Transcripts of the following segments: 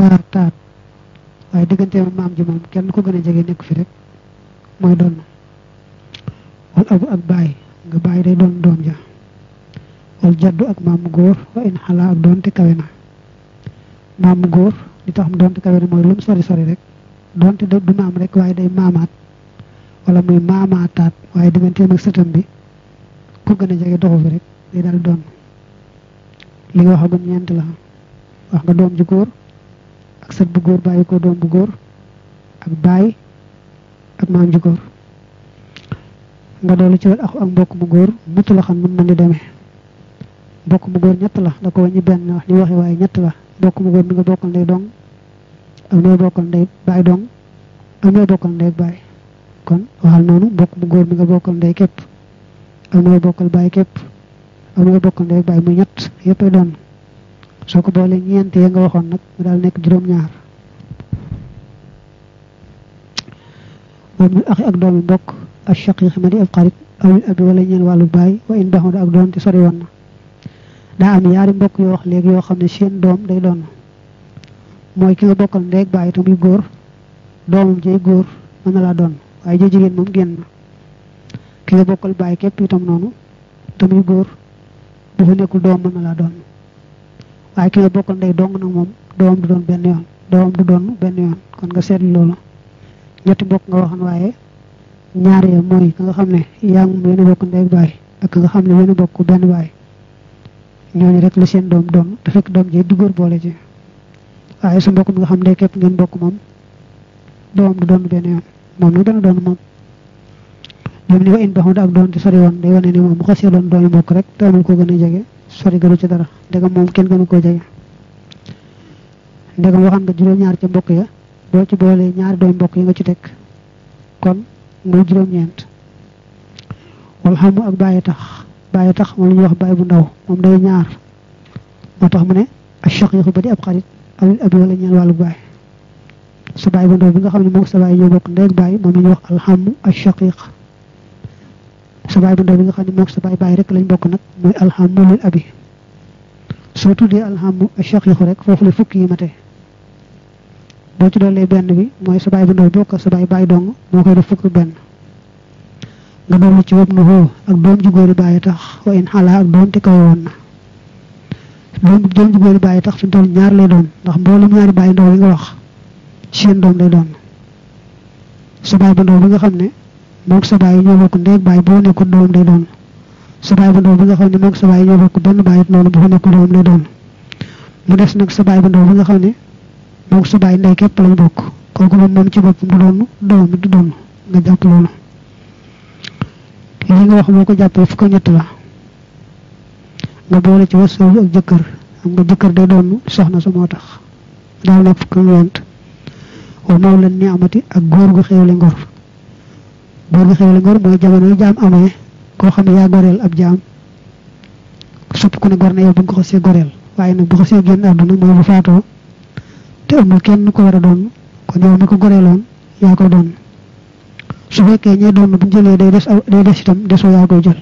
paar taat waaye digganteem ak maam ji moom kenn ko gën a jege nekk fi rek mooy doon wal abu ak baay nga baay day doon doom ja wal jaddu ak maamu góor wa in xalaa ak doonte kawe na maamu góor li tax mu doonte kawe na mooy lu mu sori sori rek doonte da du maam rek waaye day maamaat wala muy maamaataat waaye digganteem ak sëtam bi ko gën a jege doxu fi rek day daal doon li nga wax a ñeent la wax nga doom ju góor ak bu góor bàyyi ko doom bu góor ak baay ak maam ju góor nga doolu ci wal ak mbokk mu góor ñett la xam nu mën di deme mbokk mu góor ñett la da ko wàññi benn wax li waxe waaye ñett la mbokk mu góor mi nga bokkal ndey dong ak ñoo bokkal ndey baay dong ak ñoo bokkal ndey baay kon waxal noonu mbokk mu góor mi nga bokkal ndey képp ak ñoo bokkal baay képp ak ñoo bokkal ndey baay muy ñett yéppay doon soo ko boole ñeent ya nga waxoon nag mu daal nekk juróom-ñaar wamul axi ak doomi mbokk ak shaq yi xamante ab xarit awil abi wala ñeen wàllu baay wa in baxoon ak doon te sori woon daa am yaari mbokk yoo wax léegi yoo xam ne seen doom day doon mooy ki nga bokkal ndeeg bàyyi tamuy góor doomam jëy góor mën na laa doon waaye jëy jigéen moom génn na ki nga bokkal bàyyi képp itam noonu tamuy góor bu fa nekkul doom mën na laa doon waaye ki la bokkal ndey dong nag moom doom du doon benn yoon doomam du benn kon nga seetlu loolu ñetti mbokk nga waxoon waaye ñaar ya mooy ka nga xam ne yaa ngi moom yéen a bokk ndey baay ak nga xam ne yéen a bokk benn baay ñooñu rek la seen doom doon te fekk doom ji du góor boole ci waaye su mbokk mi nga xam ne képp ngeen bokk moom doomam du doon benn yoon moom nag dana doon moom ñoom ni ko in baxoon ak doon te sori woon day wane ni moom bu xasee doon doomi mbokk rek te amul ko gën a jege sori gënu ci dara ndegam moom kenn gënu koo jege ndegam waxoon nga juróom-ñaar ca mbokk ya boo ci boolee ñaar dooy mbokk yi nga ci teg kon muy juróom-ñeent wala xamu ak bàyyi tax bàyyi tax moom la ñuy wax bàyyi bu ndaw moom day ñaar moo tax mu ne ak choc yi ba di ab xarit awil abi wala ñeen wàllu baay sa baay bu ndaw bi nga xam ne moom sa baay ñoo bokk ndey ak baay moom la ñuy wax alxamu ak shaqiq sa baay bu bi nga xam ne moog sa baay baay rek lañ bokk nag mooy alhamdu lil abi soo tuddee alhamdu shaqiqu rek foofu la fukki yi mate boo ci doolee benn bi mooy sa baay bu ndaw sa baay baay dong moo koy def fukki benn nga doolu ci wob na xoo ak doom ju tax wa in xalaa ak doom te kaw woon na tax fi mu toll lay doon ndax mboolem ñaari bàyyi ndaw yi nga wax seen lay doon bi nga xam ne moog sa baay ñoo bokk ndéeg baay boo nekkoon doom day doon sa baay bu ndaw bi nga xam ne moog sa baay ñoo bokk benn baay it noonu bu fa nekkoon doom lay doon mu des nag sa baay bu ndaw bi nga xam ne moog sa baay ndey képp lañ bokk kooku moom moom ci boppam du doon doom du doon nga jàpp loolu. li nga wax moo ko jàppee fukk ñett la nga boole ci wasaw ak jëkkër am nga jëkkër day doon soxna su moo tax daal nekk fukk ñeent wa mawlan ni'mati ak góor gu xéewle ngor. boo gi xewale ngor mooy jamono jaam amee koo xam ne yaa goreel ab jaam sopp ku ne gor na yow ba nga ko see goreel waaye nag bu ko see génn àdduna mooy bu faatoo te amul kenn ko war a doon kon yow mi ko goreeloon koy doon su fekkee ñee doon bu ñu jëlee day des day des itam desoo yaa koy jël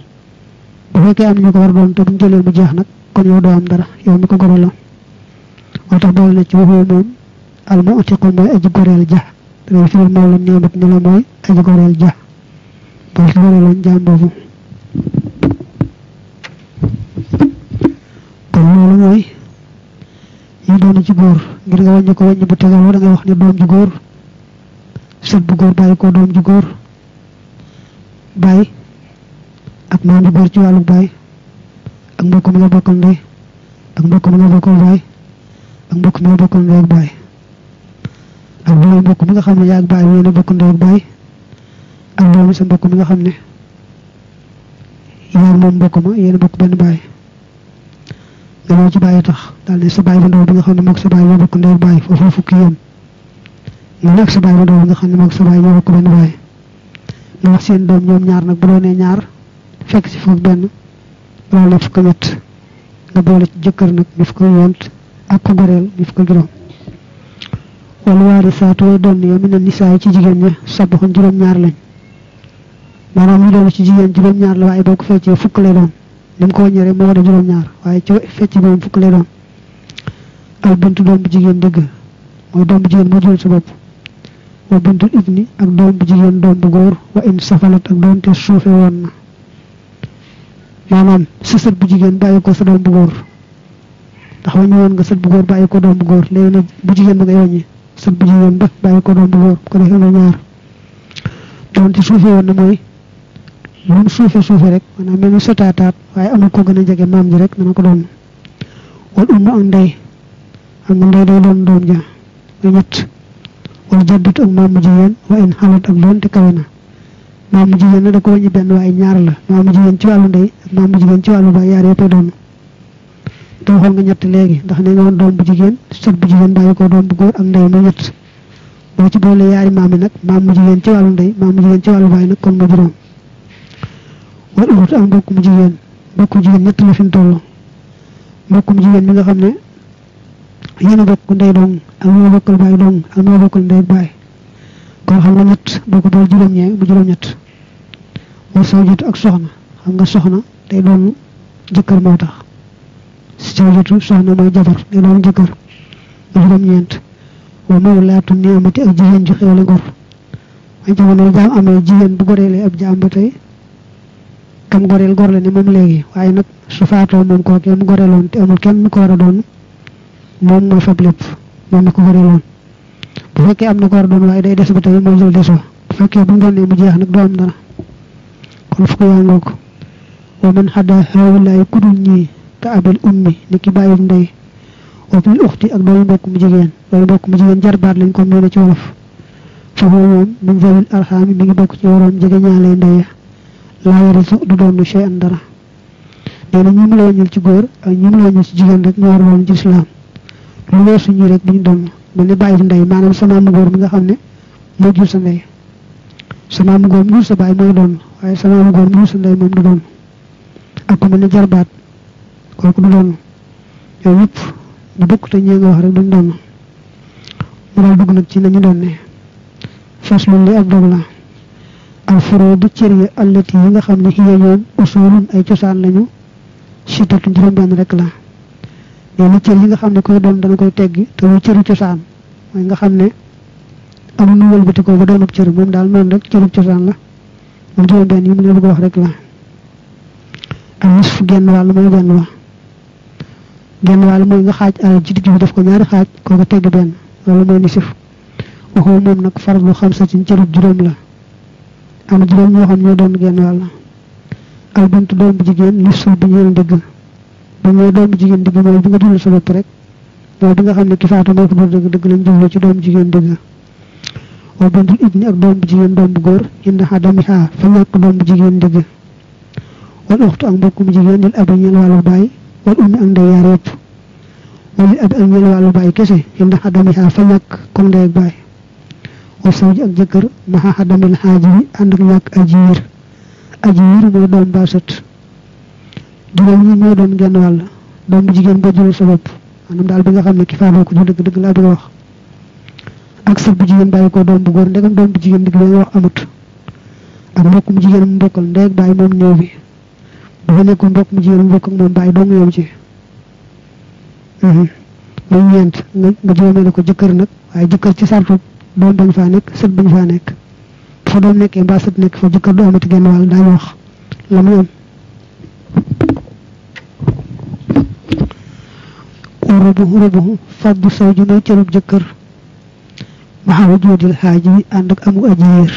bu fekkee am ko war a doon jeex nag kon yow doo am dara yow mi ko goreeloon moo tax boole na ci waxoo moom al mu'tiqu mooy aji goreel ja te day firil moom la ñaamut ni la mooy aji goreel ja moo waraloon jaam boobu kon loolu mooy yi doon ci góor ngir nga wàññi ko wàññi bu tegal wala nga wax ne doom ju góor sët bu góor bàyyi ko doom ju góor bàyyi ak maam ju góor ci wàllu bàyyi ak mbokk mi nga bokkal ak mbokk mi nga bàyyi ak mbokk mi nga bàyyi ak mbokk mi nga xam ne ak bàyyi yéen a bokk ndey bàyyi ak doomu sa mbokk mi nga xam ne yow moom mbokk ma yéen a bokk benn baay nga ñëw ci baay tax daal ne sa baay bu ndaw bi nga xam ne moog sa baay ñoo bokk ndey baay foofu fukki yam nga nekk sa baay bu ndaw bi nga xam ne moog sa baay ñoo bokk benn baay nga wax seen doom ñoom ñaar nag bu doonee ñaar fekk ci fukk benn loolu nag fukk ñett nga boole jëkkër nag ñu fukk ñeent ak ku goreel ñu fukk juróom wala waari saatu way doon ne nisaay ci jigéen ña sabaxun juróom ñaar lañ maanaam ñu dellu ci jigéen juróom-ñaar la waaye boo ko feccee fukk lay doon ni mu ko wàññee rek moo de juróom-ñaar waaye ci fecc bi moom fukk lay doon ak bintu doom bu jigéen bu jigéen moo jël ci bopp wa ak doom bu jigéen doom bu góor wa in safalat ak doom bu jigéen bàyyi ko sa doom bu góor ndax waññi bu góor ko doom bu góor léegi bu jigéen ba ngay wàññi sët bu jigéen ba bàyyi ko doom bu góor bu ko defee nga ñaar doom te suufe woon na mooy lu mu suufe suufe rek maanaam mel ni sotaataat waaye amul ko gën a jege maam ji rek dana ko doon wal ummu ak ndey am nga ndey day doon doom ja muy ñett wal jaddut ak maamu jigéen wa in xalat ak doon te kawe na maamu jigéen na da ko wàññi benn waaye ñaar la maamu jigéen ci wàllu ndey ak jigéen ci wàllu ba yaar yëpp doon te waxoon nga ñett léegi ndax ne nga woon doom bu jigéen sët bu jigéen bàyyi ko doom bu góor ak ndey muy ñett boo ci boole yaari maam yi nag maamu jigéen ci wàllu ndey maamu jigéen ci wàllu baay nag kon nga wal uxtu ak mbokkum jigéen mbokkum jigéen ñett la fi toll mbokkum jigéen mi nga xam ne yéen a bokk ndey dong ak ñoo bokkal baay dong ak ñoo bokkal ndey baay kon xam nga boo ko doon juróom-ñee bu juróom-ñett war soo soxna xam nga soxna day doon jëkkër moo tax si soo jotu soxna mooy jabar day doon jëkkër bu juróom-ñeent wa mawlaatu ni'mati ak jigéen ju xéewale ngor ay jamono jaam amee jigéen bu goreelee ab jaam ba tey kam goreel gor la ni léegi waaye nag su faatoo koo kenn goreeloon te ko war a doon moom moo fab lépp moom mi ko goreeloon bu fekkee am na ko a day des ba tey moo jël desoo bu bu jeex nag doo am dara kon fukk yaa ngoog wa man xadda xawalaay kudul ñii ka abil ummi ni ki bàyyib ndey wa bil uxti ak doomu mbokk mu jigéen doomu mbokk mu jigéen jarbaat lañ ko nee na ci wolof foofu moom min zawil arxaami mi ngi bokk ci waroon jege ñaale ndey laa yarisu du doon shay dara nee na la wàññil ci góor ak ñi la wàññil ci jigéen rek ñoo war woon ci islaam lu weesu ñi rek duñ doon mel ni bàyyi fi ndey maanaam sa maamu góor mi xam ne moo jur sa ndey sa maamu góor mu jur sa bàyyi mooy doon waaye sa maamu góor mu jur sa ndey moom du doon ak ku mel jarbaat kooku du doon yooyu yëpp ñu bokk te ñee nga wax rek duñ doon mu daal dugg nag ci nañu doon ne fees loolu lay ab dog alfuroodu cër yi allati yi nga xam ne xiya ñoom usulun ay cosaan lañu sittatu juróom benn rek la nee na cër yi nga xam ne koy doom dana koy teggi te muy cosaan nga xam ne amul nu koo ba doon ab cër moom daal noonu rek cëru cosaan la moom juróom benn yi mu ne bëgg wax rek la ak nisfu genn wàll mooy benn wa genn wàll mooy nga xaaj alal ci digg bi daf ko ñaari xaaj koo ko tegg benn loolu mooy nisif waxoo moom nag farlu xam sa ci cëru juróom am juróom ñoo xam ñoo doon genn wàll albintu doom bu jigéen li suuf bi ñeel ndigg bu ñëwee doom bu jigéen digg mooy bi nga dul sa bopp rek mooy bi nga xam ne ki faatu moo ko dëgg dëgg lañ jublu ci doom jigéen digg wa bintul ibni ak doom bu jigéen doom bu góor indi xa dami xaa fa ñàkk doom bu jigéen digg wal uxtu ak mbokkum jigéen lil abi ñeel wàllu baay wal ummi ak ndey yaar yëpp wala abi ak ñeel wàllu baay kese indi xa dami fa ñàkk comme ndey ak baay wa sawji ak jëkkër maha xadamil xaaji bi ànd ak ñàkk aji wiir aji wiir mooy doom baa sët juróom ñi ñoo doon genn wàll doom bu jigéen ba jural bi nga xam ne ki faadoo ko dëgg dëgg laa bëgg a wax ak sët bu jigéen bàyyi ko doom bu góor ndegam doom bu jigéen dig la nga wax amut ak mbokk mu jigéen mu mbokkal ndeeg bàyyi moom ñëw bi bu fa nekkul mbokk mu jigéen mu mbokk moom bàyyi dong yem ci mhm. muy ñeent nga juróomee ne ko jëkkër nag waaye jëkkër ci sartu doom bañ faa nekk sët bañ faa nekk bu fa doom nekkee mbaa sët nekk fa jëkkër du amati genn wàll daañu wax la mu am rubu rubu faddu saw ji mooy cërub jëkkër maxawa joodil xaaj bi ànd ak amu aji yéer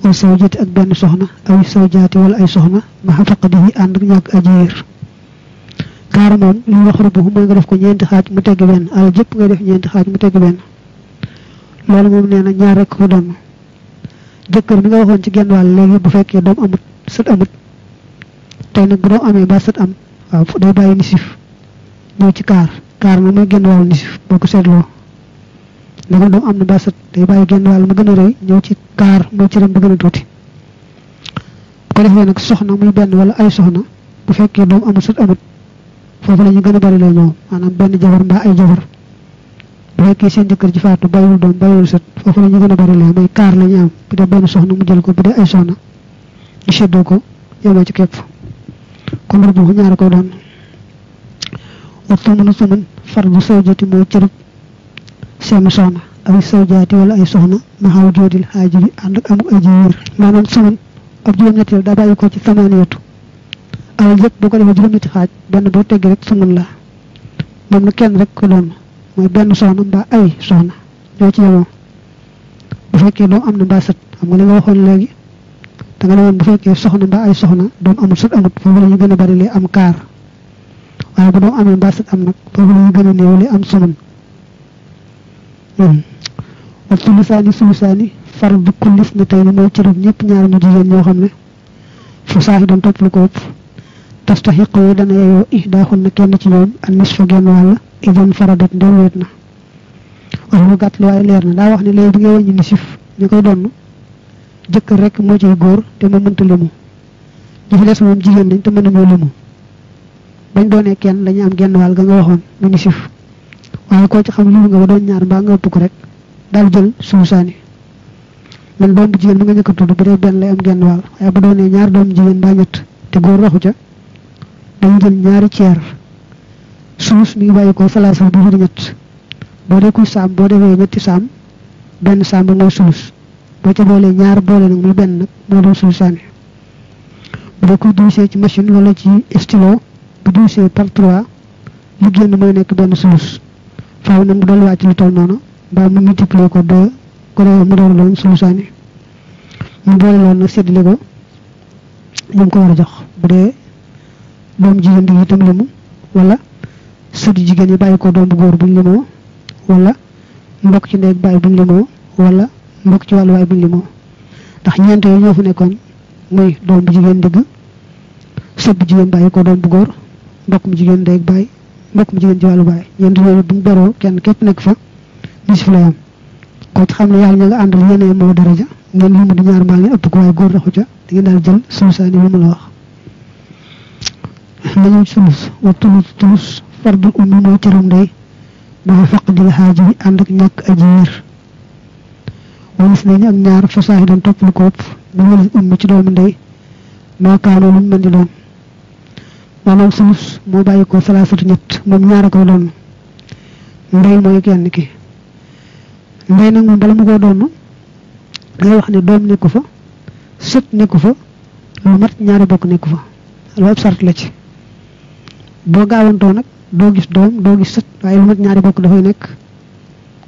wala saw jaati ak benn soxna aw saw jaati wala ay soxna maxa faqadi yi ànd ak ñàkk aji yéer kaar moom li wax rubu mooy nga def ko ñeenti xaaj mu tegg benn al jëpp nga def ñeenti xaaj mu tegg benn loolu moom nee na ñaar rek ko doon jëkkër bi nga waxoon ci genn wàll léegi bu fekkee doom amut sët amut tey nag bu doom amee ba sët am waaw day bàyyi nisif ñëw ci kaar kaar moom mooy genn wàllu nisif boo ko seetloo léegi doom am na ba sët day bàyyi genn wàll ma gën a rëy ñëw ci kaar mooy ci ren gën a tuuti bu ko defee nag soxna muy benn wala ay soxna bu fekkee doom amut sët amut foofu la gën a bari lay ñëw maanaam benn jabar mbaa ay jabar bu fekkee seen jëkkër ji faatu bàyyiwul doom bàyyiwul sët foofu la gën a bari lee mooy kaar la ñu am bu dee benn soxna mu jël ko bu dee ay soxna ñu séddoo ko yemoo ci képp kon rëbb bu ñaara koy a suman far bu sawjati soxna ay sawjaati wala ay soxna ma xaw joodil xaaji bi ànd ak amuk aji wér maanaam suman ab juróom-ñetteel daa bàyyi ko ci samaan yetu alal yëpp boo ko defee juróom-ñetti xaaj benn boo teggee rek suman la moom na kenn rek ko doon mooy benn soxna mbaa ay soxna ñoo ci yemoo bu fekkee doom am na mbaa xam nga li waxoon léegi da nga ne woon bu fekkee soxna mbaa ay soxna doom amul sët amut foofu la ñu gën a bari li am kaar waaye bu doom amee mbaa am nag foofu la ñu gën a néew li am sumun wa sulusaani sulusaani far bu kullis na tey ni mooy cërëb ñëpp ñaar ñu jigéen ñoo xam ne fu saaxi doon topp lu ko ëpp tastaxiqu dana yeyoo ihdaaxun na kenn ci ñoom an nisfa genn wàll idan faradat ndem wéet na wax gàtt li waaye leer na daa wax ne léegi bi nga wàññi nisif ñu koy donn jëkkër rek moo ciy góor te mu mënta limu ñu fi des moom jigéen dañ te mën nañoo limu bañ doonee kenn dañu am genn wàll ga nga waxoon mu nisif waaye koo ci xam limu nga ba doon ñaar mbaa nga ëpp ko rek daal jël suusaani man doom bu jigéen mu nga njëkk a tudd bu dee benn lay am doom jigéen mbaa te góor waxu ca dañu jël ñaari ceer suus mi ngi bàyyi ko falaa bu jur ñett boo dee kuy saam boo defee ñetti saam benn saam bu mooy suus boo ca boolee ñaar boole nag muy benn nag moo ci machine wala ci stylo bu nekk nag mu doon wàcc lu toll noonu mbaa mu multiplier ko deux ko doon mu doon loon mu boole loon nag séddale ko ñu ko war a jox doom jigéen di itam limu wala sët jigéen yi bàyyi ko doom bu góor buñ limoo wala mbokk ci néeg bàyyi buñ limoo wala mbokk ci wàllu waay buñ limoo ndax ñeent yooyu ñoo fa nekkoon muy doom bu jigéen digg sët bu jigéen bàyyi ko doom bu góor mbokk mu jigéen ndey ak bàyyi mbokk mu jigéen ci wàllu bàyyi ñeent yooyu buñ beroo kenn képp nekk fa bis fi la yam ko ci xam ne yàlla ña nga àndal yéen moo daraja ngeen limu ñaar mbaal xilal sulus wa tulus tulus fardul ummi mooy cëram ndey maa faqdil xaaji bi ànd ak ñàkk aji wér walis nañu ak ñaar fasaahi doon topp lu ko ëpp mu sulus moo bàyyi ko salaasatu ñett moom ñaar a koy doon ndey mooy kenn ki ndey nag moom bala mu koo doon ngay wax ne doom nekku fa sët nekku fa lu mat ñaari bokk nekku fa loolu ab sart la ci boo gaawantoo nag doo gis doom doo gis sët waaye lu mat ñaari bokk dafay nekk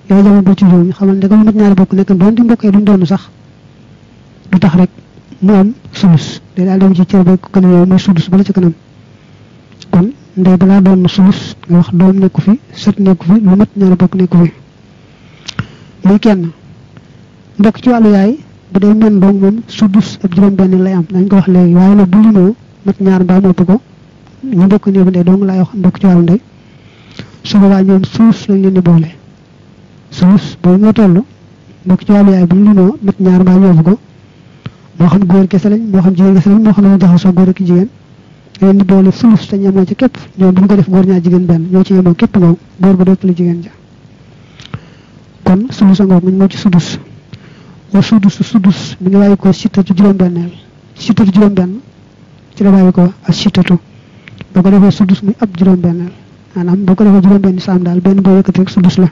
yooyu jamono bu ci ñëw ñu xamal ne lu mat ñaari bokk nekk doon di mbokk yi duñ doon sax du tax rek mu am sulus day daal dem ci cër ba gën a yow mooy sulus bala ci kanam kon ndey balaa doon na sulus nga wax doom nekku fi sët nekku fi lu mat ñaari bokk nekku fi muy kenn mbokk ci wàllu yaay bu dee men doom moom sudus ak juróom benn lay am dañ ko wax léegi waaye nag bu limoo mat ñaar mbaa moo ko ñu bokk néegu ndey dong laay wax bokk ci wàllu ndey su boobaa ñoom suus lañ leen di boole suus boobu ci wàllu bu ñu limoo ñaar mbaa ko moo xam góor kese lañ moo xam ne kese lañ moo xam ne jaxasoo góor ak jigéen leen di boole sulus te ñemoo ci képp ñoom bu ñu ko def góor ñaar jigéen benn ñoo ci yemoo képp moom góor ba dopp la jigéen ja kon sulus a ngoog muñ moo ci sudus wa sudus sudus mi ngi bàyyi ko sittatu juróom-benneel sittatu juróom-benn ci la bàyyi ko ak sittatu boo ko defee sudus muy ab juróom-benneel benn maanaam boo ko defee juróom-benn saam daal benn boo yëkkati rek sudus la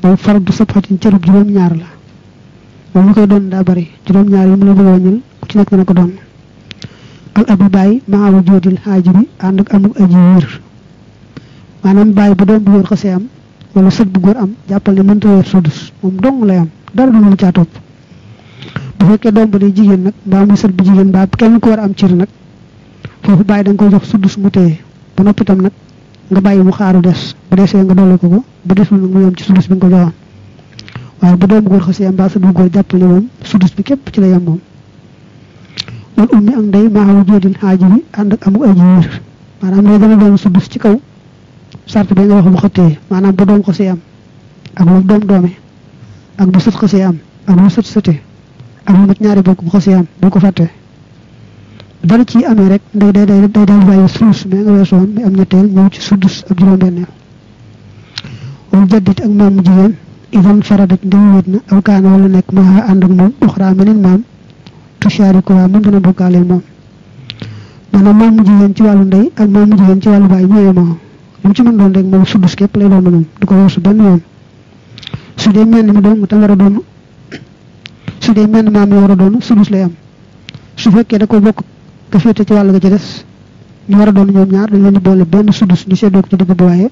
boobu fardu sabxatin cërub juróom-ñaar la moom lu koy doon daa bari juróom-ñaar yi mu la bëgg a ku ci nekk dana ko doon al abu bàyyi maawu joodil xaaji bi ànd ak amuk aji wér maanaam bàyyi bu doom bu góor am wala sët bu góor am jàppal ne mënta wér sudus moom dong lay am dara du lu caa bu fekkee doom ba day jigéen nag mbaa muy sët bu jigéen mbaa kenn ku war am cër nag foofu bàyyi da koy jox suddus mu téye ba noppi tam nag nga bàyyi mu xaaru des bu desee nga dolli ko ko bu desul nag mu yom ci suddus bi nga ko joxoon waaye bu doomu góor xasee mbaa sa du góor jàppale moom suddus bi képp ci la yem moom wal ummi ak ndey maa wu joodil xaaji bi ànd ak amu aji ci kaw sart bi nga wax bu xëttee maanaam bu doom xasee am ak lu doom doome ak bu sët xasee am ak bu sët sëtee ak lu ñaari bokk bu xasee am boo ko fàttee dara ci amee rek day day day day daal bàyyi sulus mi nga weesoon mi am ñetteel ñëw ci suddus ak juróom-benn wal jaddit ak maam mu jigéen idan faradat ndem wéet na aw kaana wala nekk maa ànd ak moom uxraa meneen maam tusaari ko waa moom dana bokkaaleel moom maanaam maam mu jigéen ci wàllu ndey ak maam mu jigéen ci wàllu baay ñooy moo lu mu ci mën doon rek moom suddus képp lay doon moom du ko weesu benn yoon su dee menn mi doon tam war a doon su dee menn maam mi war a doon suddus lay am su fekkee da ko bokk ka féete ci wàll ga ci des ñu war a doon ñoom ñaar dañ leen di boole benn sudus ñu seddoo ko ci digg bi waaye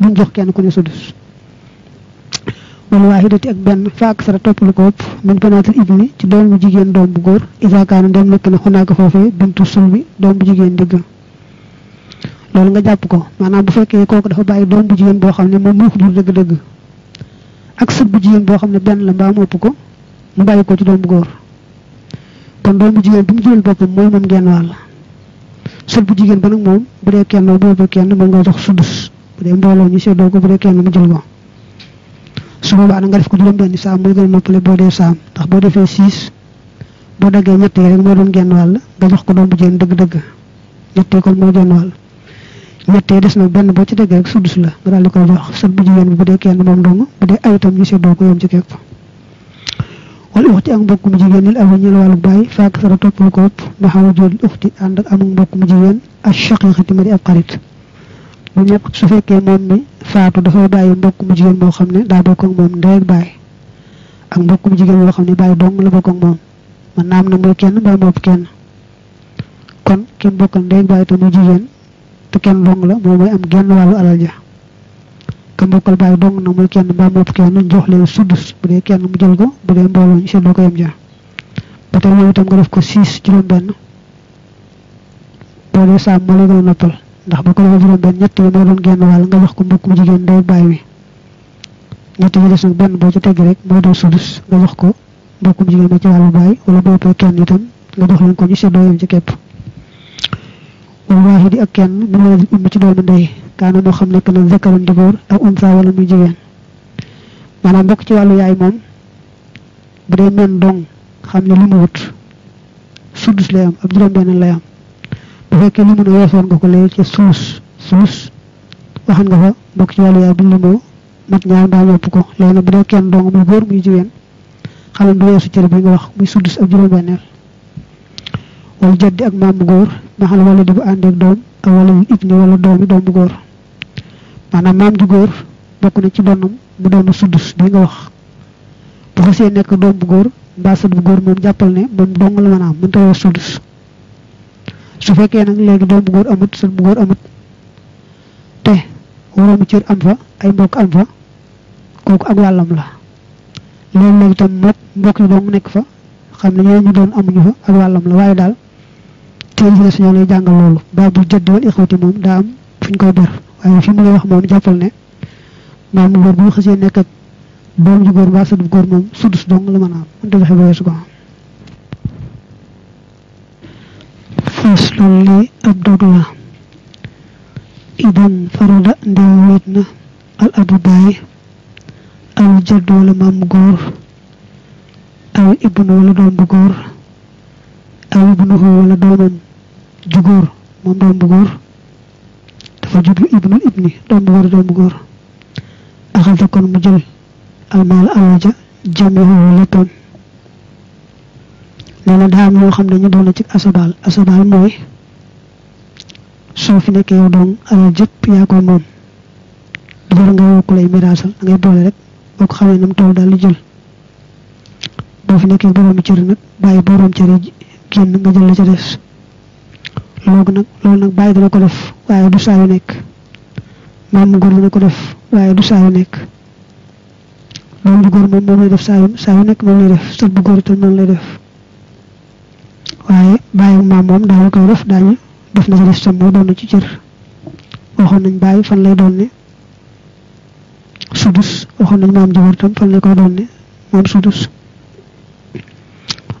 duñ jox kenn ku ne sudus waa waahidati ak benn fa ak sara topp lu ko ëpp min banaatil ibni ci doom bu jigéen doom bu góor isaakaanu dem nekk na xunaaka foofee bintu sulbi doom bu jigéen digg loolu nga jàpp ko maanaam bu fekkee kooku dafa bàyyi doom bu jigéen boo xam ne moom moo ko jur dëgg-dëgg ak sët bu jigéen boo xam ne benn la mbaa mu ko mu bàyyi ko ci doom bu góor kon doom bu jigéen bi mu jural boppam mooy moom genn wàll sët bu jigéen ba nag moom bu dee kenn bu dee kenn moom nga jox sudus bu dee mbooloo ñu seddoo ko bu dee kenn mu jël ko su boobaa nag nga def ko juróom-benni saam mooy gën a noppale boo dee saam ndax boo defee siis boo daggee ñettee rek moo doon genn wàll nga jox ko doom bu jigéen dëgg-dëgg ñettee kon moo genn wàll ñettee des nag benn boo ci dëgg rek la nga daal di koy jox sët bu jigéen bi bu moom dong bu dee ay itam ñu seddoo yom ci wal uxti ak mbokk mu jigéen lil awi ñeel wàllu bàyyi faak sara topp lu ko ëpp ma xaw a uxti ànd ak amul mbokk mu jigéen ak shaqiqati ma di ab xarit bu ñëpp su fekkee moom mi faatu dafa bàyyi mbokk mu jigéen moo xam ne daa bokk ak moom ndey ak bàyyi ak mbokk mu jigéen moo xam ne bàyyi dong la bokk ak moom man naam na muy kenn mbaa moom kenn kon ki mu bokkal ndey ak bàyyi te muy jigéen te kenn dong la moom mooy am genn wàllu alal ja ka mbokkal baay dong na muy kenn mbaa mopp kenn ñu jox leen suddus bu dee kenn mu jël ko bu dee mbooloo ñu seddoo ko ja ba tey moom itam def ko six juróom-benn boo dee saam moo lay gën ndax ba ko defee juróom-benn ñett yi moo doon genn wàll nga jox ko mbokk mu jigéen ndey baay wi ñett yi des nag benn boo ci tegg rek moo doon suddus nga jox ko mbokk mu jigéen ba ci wàllu baay wala boo koy kenn itam nga jox leen ko ñu seddoo yem ci képp. wal waahidi ak kenn bi waladil ci doomu ndey kaana moo xam nekk la zakaran di góor aw unsa wala maanaam mbokk ci wàllu yaay moom bu dee xam ne lu mu wut suddus lay am lay am bu fekkee lu mun a weesoon ko léegi ci suus suus waxan nga fa mbokk ci wàllu yaay buñ lu moo mat ñaar mbaa ñopp ko léegi nag bu dee kenn dong muy góor muy jigéen xam ne du weesu cër bi nga wax muy suddus ab juróom-benneel wal jaddi ak maam bu góor maxal wala di bu àndeek doom ak wala ibni wala doomi doom bu góor maanaam maam ju góor bokk na ci donnam mu doon suddus bi nga wax bu xasee nekk doom bu góor mbaa sët bu góor moom jàppal ne moom dong la mën mënta woo suddus su fekkee nag léegi doom bu góor amut sët bu góor amut te waroomu cër am fa ay mbokk am fa kooku ak wàllam la léegi léegi tam mbokk mbokk yi dong nekk fa xam ne ñooñu doon amuñu fa ak wàllam la waaye daal téere yi suñoo loolu baabul jëddi wal ixwati moom daa am fu ñu koy ber waaye fi mu lay wax góor bu xasee nekk doom bu góor moom sudus dong la mën a am mënta joxe ba weesu ko am faslun lii ab dog góor aw ibnu wala doom bu góor aw ibnuhu wala doomam ju góor moom doom bu góor dafa jublu ibnul ibni doom bu góor doom bu góor kon mu jël almaal alal ja jamihu xam ne ñu doon ci asobal asobal mooy soo fi nekkee doom alal jëpp yaa ko moom du war nga wokk miraasal da ngay rek boo ko xamee nam tool daal di jël boo fi nekkee boroomi cër nag bàyyi boroom cër génn nga jël la ca des loogu loolu nag bàyyi dana ko def waaye du saa yu nekk maam mu góor dana ko def waaye du saa yu nekk doom bu moom moom lay def saa yu saa yu nekk moom lay def sët bu góor itam noonu lay def waaye bàyyi maam moom daal koy def daañu def na ko def sam mooy doon na ci cër waxoon nañ bàyyi fan lay doon ne sudus waxoon nañ maam jabar itam fan lay koy doon ne moom sudus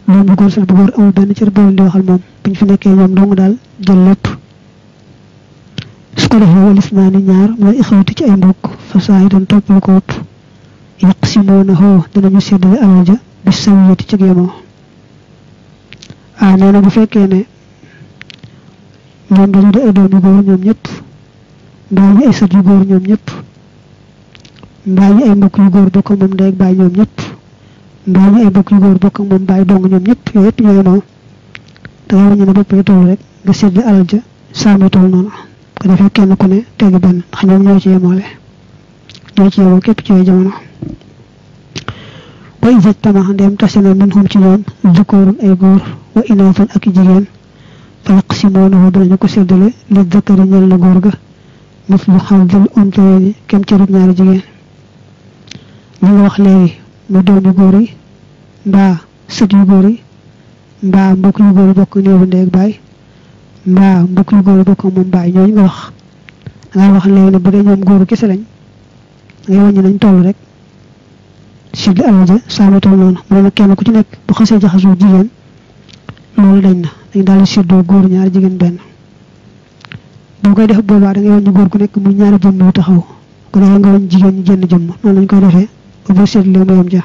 loolu bu góor sax bu góor amul benn cër boole waxal moom bu fi nekkee ñoom dong daal jël lépp su ko defee walis naa ni ñaar mooy ixawati ci ay mbokk fa saa yi doon ko wut yàq si moona xoo dinañu seddale alal ja bi sawiyati ci yemoo ah nee bu fekkee ne ñoom dañu di ay doom yu góor ñoom ñëpp mbaa ñu ay sët yu góor ñoom ñëpp moom ndey baay ñoom ñëpp mboolem ay bokk yu góor bokk moom bàyyi dong ñoom ñëpp yooyu yëpp ñooy moo dangay wàññi ne bopp yi toll nga sédd alal ja saamee toll noonu ko defee kenn ku ne tegg benn ndax ñoom ci ñoom zukoorun ay góor wa inaatan ak jigéen fa yaqsimoonahu danañu ko séddale li zakari ñel na góor ga mis lu xamdil umtayni kem cërub ñaari jigéen li nga wax léegi mu doom yu góor yi mbaa sët yu góor yi mbaa mbokk yu góor yi bokk néew bu ndey ak baay yu góor yi bokk moom baay ñooñu nga wax dangay wax léegi ne bu dee ñoom góoru kese lañ ngay wàññi nañ toll rek siddi alal ja saama toll noonu mu ne kenn ku ci nekk bu xasee jaxasoo jigéen loolu dañ na dañ daal di séddoo góor ñaari jigéen benn boo koy def boobaa da ngay wàññi góor ku nekk mu ñaari jëmm yu taxaw ku defee nga wàññi jigéen ñu jënn jëmm noonu lañ koy defee bu mu seetloo doom ja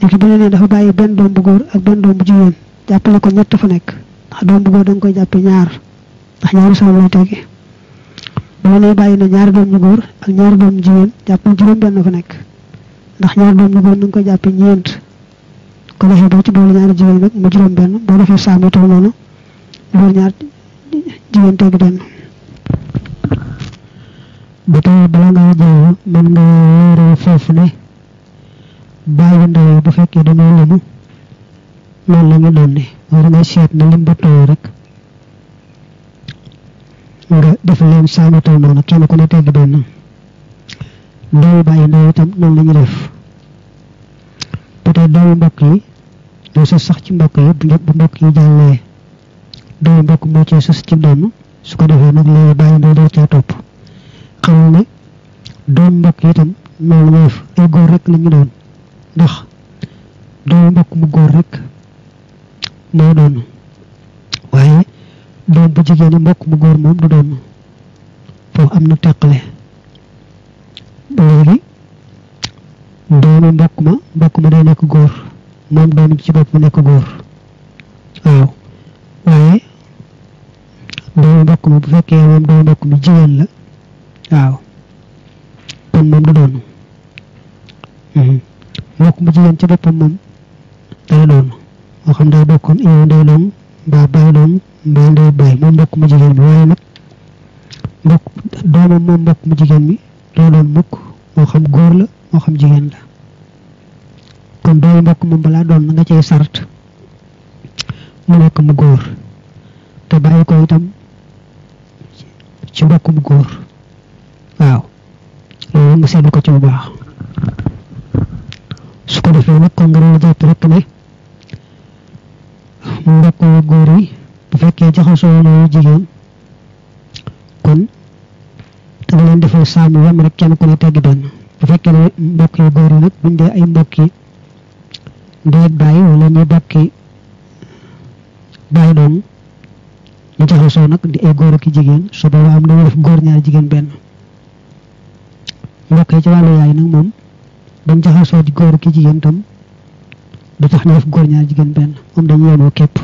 léegi bu ne nee dafa bàyyi benn doom bu góor ak benn doom bu jigéen jàppale ko ñett fa nekk ndax doom bu góor da koy jàppe ñaar ndax ñaari soxla lay tegi bu ne bàyyi na ñaari doom ñu góor ak ñaari doom jigéen jàppale juróom benn fa nekk ndax ñaari doom ñu góor da koy jàppe ñeent ko defee boo ci boole ñaari jigéen nag mu juróom benn boo defee saam itam noonu loolu ñaar jigéen teg benn ba tey bala ngaa jàll mën nga leeral foofu ne bàyyi ndaw yi bu fekkee dañoo limu loolu la ñu doon ne seet na lim ba toll rek nga def leen saamatal noonu kenn ku ne tegg benn ndaw bàyyi ndaw itam noonu la ñu def ba tey doomu mbokk yi ñoo sës sax ci mbokk yi bu bu mbokk yi jàllee doomu mbokk moo cee sës ci doon su ko defee nag léegi bàyyi ndaw doo cee topp xamal ne doom mbokk itam noonu la ay góor rek la ñu doon ndax doomu mbokk mu góor rek moo doon waaye doom bu jigéen mbokk mu góor moom du doon foofu am na teqale ba léegi doomu mbokk ma mbokk ma day nekk góor moom doom ci mu nekk góor waaw waaye doomu bu fekkee moom doomu mbokk mi jigéen la waaw kon moom du doon mhm. mbokk mu jigéen ci boppam moom day doon moo xam day bokkoon yow day doon mbaa bay doon mbaa day bay moom mbokk mu jigéen bi waaye nag mbokk doomam moom xam góor la moo xam jigéen la kon doomu mbokk moom balaa doon na nga cay sart mu nekk mu góor te bàyyi ko itam ci mbokk mu góor waaw loolu nga seetlu ko ci bu baax su ko defee nag kon nga doon jàpp rek ne mbokk yu góor yi bu fekkee jaxasoo yu jigéen kon te leen defal saam yu yem rek kenn ku ne bu fekkee ne mbokk nag ay mbokk yi ndee bàyyi wala ñu bokki nag di ay góor ak jigéen su boobaa am na wolof góor ñaar jigéen benn ndokkee ci wàllu yaay nag moom dañ jaxasoo di góor ki jigéen tam du tax ñu def góor ñaar jigéen benn moom dañu yéenoo képp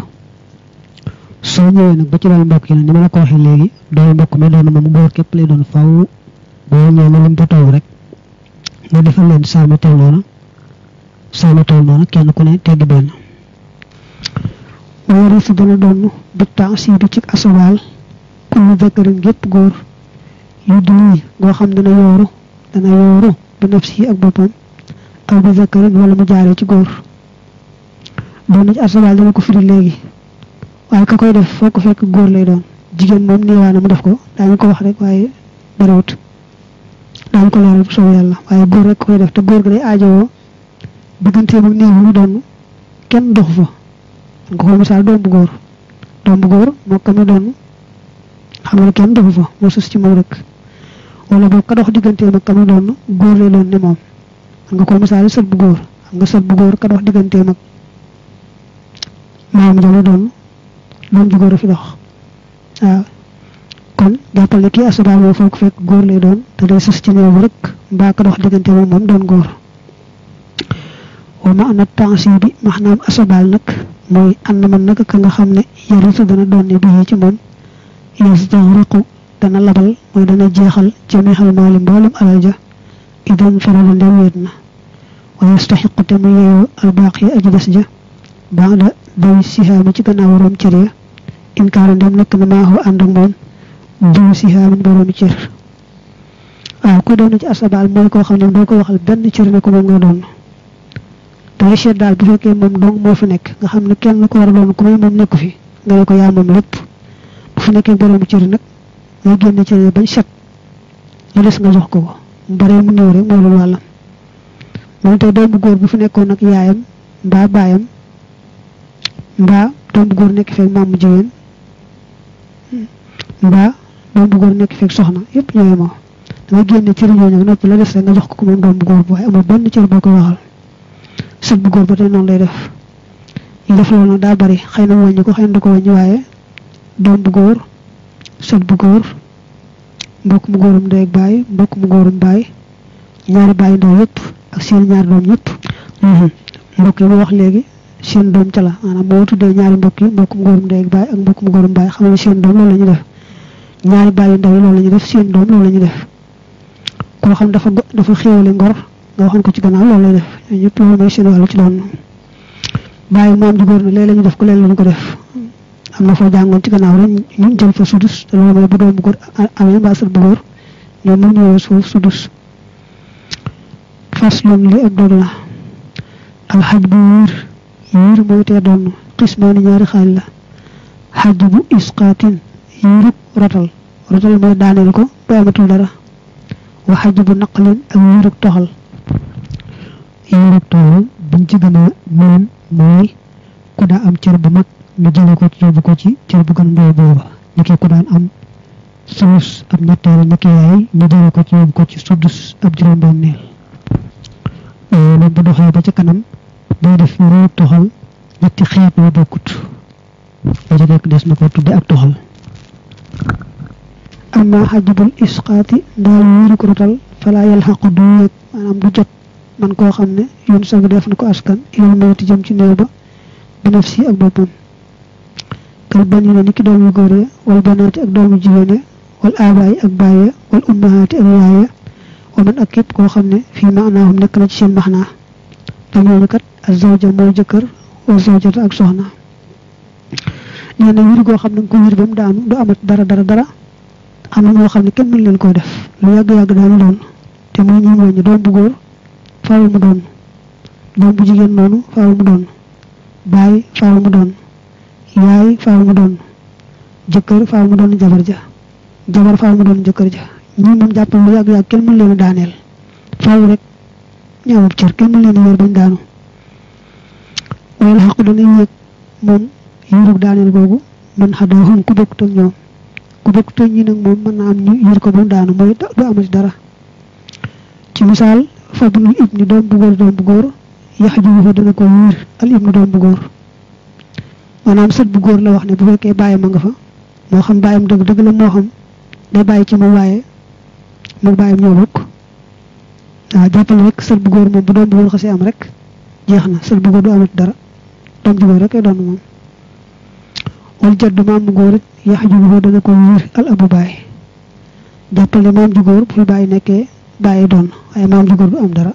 soo ñëwee nag ba ci wàllu mbokk yi nag ni ma la ko waxee léegi doolu moom góor képp lay doon faw boo ta rek nga defal leen saamu toll noonu kenn ku ne tegg benn wari si dana doon bi tensidu ci asobaal góor yu dini goo xam dana yooru dana yooru bi nafsi ak boppam aw bi zakarin wala mu jaaree ci góor doon na ci arsabaal dana ko firi léegi waaye ka koy def foo ko fekk góor lay doon jigéen moom niiwaana mu def ko daa daañu ko wax rek waaye barewut daañu ko leeral bu yàlla waaye góor rek koy def te góor gi day aajowoo digganteem ak néew doon kenn doxu fa nga ko misaal doom bu góor doom xam ne kenn doxu fa moo sus ci moom rek wala boo ka dox digganteem ak kam doon góor la doon ne moom man nga ko misaale sët bu góor xam nga sët bu góor ka dox digganteem ak maam jëla doon doom ju góor a fi dox waaw kon jàppal ne kii asaba góor lay doon te day sës ci doon góor wa maana tension bi maanaam asabaal nag mooy ànd man nag ka nga xam ne yarutu dana doon ne bii ci moom yasdaxraqu dana labal mooy dana jeexal jamexal maali mboolem alal ja idan farada ndem wéet na wa yastaxiqu te mu yeewu albaaq yi aji des ja banda daw sihaami ci gannaaw waroom cër ya inkaara ndem nekk na maaxoo ànd ak moom daw sihaamin boroomi cër waaw ku doon ci asabaal mooy koo xam ne doo ko waxal benn cër ne ko moom nga doon dangay seet daal bu fekkee moom dong moo fi nekk nga xam ne kenn ko war a ku may moom nekku fi nga ne ko yaa yoo génne cër yi nga jox ko ko mu baree mu néew rek bu fi nekkoon ak yaayam mbaa baayam mbaa doom bu nekk feeg maamu jigéen bu góor nekk feeg soxna yëpp ñooy moo dangay génne cër yooyu la des rek nga jox ko ko moom doom bu góor bu waaye amul benn cër boo ko waxal sët bu góor ba tey noonu lay def yi def loolu nag daa bari xëy na wàññi ko xëy na du ko waaye doom bu góor sët bu góor mbokk mu góorum ndey ak baay mbokk mu góorum baay ñaari baay ndaw yëpp ak seen ñaari doom yëpp mm-hmm. mbokk yi ma wax léegi seen doom ca la maanaam boo ñaari mbokk yi mbokk mu góorum ndey ak baay ak mbokk mu góorum baay xam ne seen doom loolu la ñu def ñaari baay yu loolu la ñu def seen doom loolu la ñu def koo xam dafa dafa xéewale ngor nga waxoon ko ci gannaaw loolu lay def ñëpp loolu mooy seen wàllu ci doon bàyyi maam ji góor na léeg la ñu def ko leen la ko def am na foo jàngoon ci gannaaw rek ñu jël fa sudus te loolu mooy bu doom bu amee mbaa sët bu góor ñoom moom ñëwee suuf li ak doon la alxaj bu wiir mooy tee doon xismaani ñaari xaaj xaj bu isqaatin yiirug rotal rotal mooy daaneel ko ba amatul dara wa xaj bu naqalin ak yiirug toxal yiirug toxal buñ ci gën mooy ku am cër bu mag ñu jëlee ko yóbbu ko ci cër bu gën ndaw booba ñu ko daan am sulus ab ñetteelu nekkiwaay ñu jëlee ko ci yóbbu ko ci sudus ab juróom euh, ba ci kanam day def wéru toxal des na ko tudde ak toxal amma xajibul isqaati ndaal wéeru rotal falaa yal xaqu du yéeg maanaam du jot man koo xam ne yoon sang def na ko askan yow mawti jëm ci néew ba binaf si ak boppam kal bani na ni ki doom yu góor ya banaati ak doom yu jigéen ya wal aabaay ak baay ya wal ak yaay ya waman ak képp koo xam ne fii maanaahum nekk na ci seen maxnaa tam ñooñu kat ak zawja mooy jëkkër wa zawjata ak soxna nee na wir goo xam ne nga ko wir ba mu daanu du na ñoo xam ne kenn leen koo def lu yàgg-yàgg daanu doon te muy ñu mooñu doom bu góor faaw mu doom bu jigéen noonu faaw mu baay faaw mu yaay faaw mu doon jëkkër faaw mu doon jabar ja jabar faaw mu doon jëkkër ja ñun moom jàppal lu yàgg yàgg kenn mën leen a daaneel faaw rek ñu cër kenn mën leen a wér bañ daanu wala xaq dañuy yëg moom yurug daaneel googu man xadoo xam ku bokkut ak ñoom ku bokkut ak ñi nag moom mën naa am yër ko ba daanu mooy du amati dara ci misaal fadlul ibni doom bu góor doom bu góor yax jugu fa dana ko wér al ibni doom bu maanaam sët bu góor la wax ne bu fekkee bàyyi ma nga fa moo xam bàyyam dëgg dëgg la moo xam day bàyyi ci moom waaye moom bàyyam ñoo bokk waaw jàppal rek sët bu góor moom bu doom bu góor rek jeex na sët bu góor du dara doom bu doon moom wal jaddu maam mu góor it yax ju góor dana ko wér al bàyyi jàppal ne maam ju bu fi bàyyi nekkee bàyyi doon waaye maam ju góor du am dara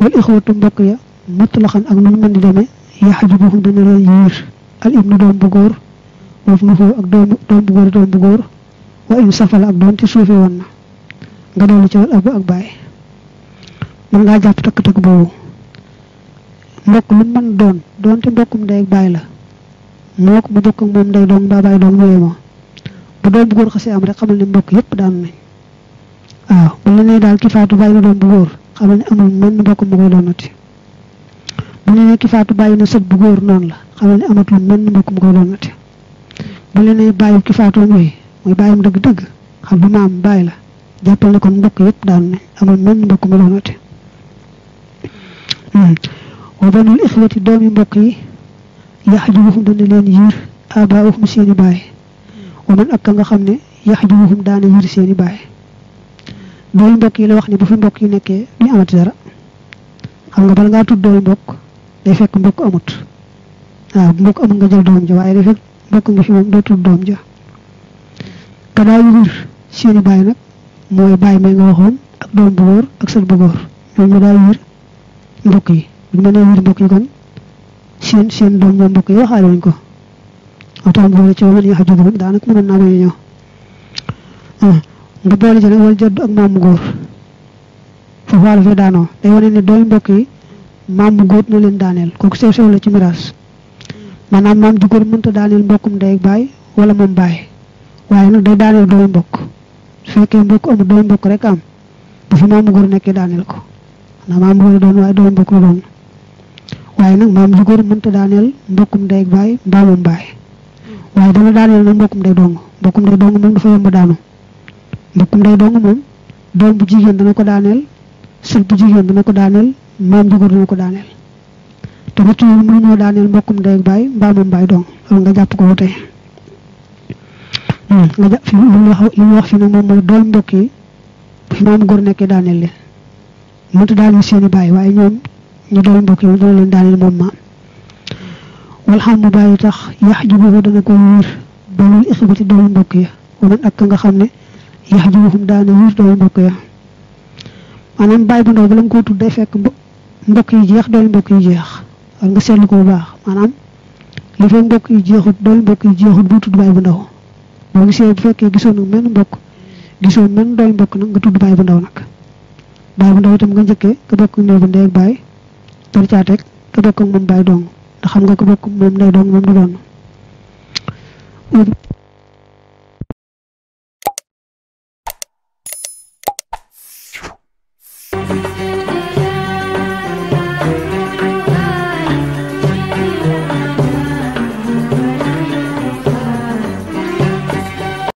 wal ixwatu mbokk ya mutlaqan ak nu mu mën di demee yaxjubuhu dana leen yiir al ibnu doom bu góor moof na ak doom doom bu góor doom bu góor wa in safala ak doon ci suufee woon na nga doolu ci wal ak baay mën ngaa jàpp takk-takk boobu mbokk lu mën doon doonte mbokkum ndey ak baay la moo mu bokk ak moom ndey doom mbaa baay doom mooyee moo bu doom bu xasee am rek xamal ne mbokk yëpp daanu nañ waaw bu la nee daal ki faatu bàyyi na doom bu góor xamal ne amul mën mbokk mu koy doonati bu leen ki faatu bàyyi na sët bu góor noonu la xamal ne amatul mën mbokkum ko doonati bu leen ne bàyyi ki faatoo mooy mooy bàyyam dëgg-dëgg xam bu maam bàyyi la jàppal ne kon mbokk yëpp daan ne amul mën mbokk mu doonati hmm. wa banul ixwati doomi mbokk yi yaxjubuhum dana leen yiir abaawuhum seeni baay wa man ak ka nga xam ne yaxjubuhum daana yiir seeni baay doomi mbokk yi la wax ne bu fi mbokk yi nekkee duñu amati dara xam nga bala ngaa tudd doomi mbokk day fekk mbokk amut waaw mbokk amut nga jël doom ja waaye day fekk mbokk nga fi moom dootul doom ja kadaa yu wér seeni baay nag mooy baay may nga waxoon ak doom bu góor ak sët bu góor ñoom ñu daay wér mbokk yi bu ñu mënee wér mbokk yi naa bañ a ñëw ah, nga boole ci nag wala jot ak maamu góor foofu fee daanoo day wane ne doomi mbokk yi. maam mu góor na leen daaneel kooku sew sew la ci miraas maanaam maam ju góor mënta daaneel mbokkum ndey ak baay wala moom baay waaye nag day daaneel doomu mbokk su fekkee mbokk amul doomu mbokk rek am fi maam mu góor nekkee daaneel ko xanaa maam mu góor doon waaye doomu mbokk la doon waaye nag maam ju góor mënta daaneel mbokkum ndey ak baay mbaa moom baay waaye dana daaneel nag mbokkum ndey dong mbokkum ndey dong moom dafa daanu mbokkum ndey dong moom doom bu jigéen dana ko daaneel sët bu jigéen dana ko daaneel maam ju góor ñoo ko daaneel te ba tuuti mënu ñoo daaneel mbokkum ndey ak baay mbaa baay doom loolu nga ko ba hmm. nga jàpp fi mu wax li mu wax fi nag moom mooy doom mbokk a daaneel baay yi tax yax jubuhu dana ko wér balul ixbati dool mbokk ya waman ak ka nga xam ne yax jubuhum daana wér dool mbokk ya maanaam bàyyi bu ndaw ba la nga tudd day fekk ndokk yu jeex dool ndokk yu jeex war nga seetlu ko bu baax maanaam li fekk ndokk yu jeexut dool ndokk yu jeexut bu tudd baay bu ndaw boo gisee bu fekkee gisoon nag menn mbokk gisoon menn dool mbokk nag nga tudd baay bu ndaw nag baay bu ndaw itam nga njëkkee nga bokk néew bu ndey ak baay tor caa teg nga bokk ak moom baay dong ndax xam nga ko bokk moom ndey dong moom du doon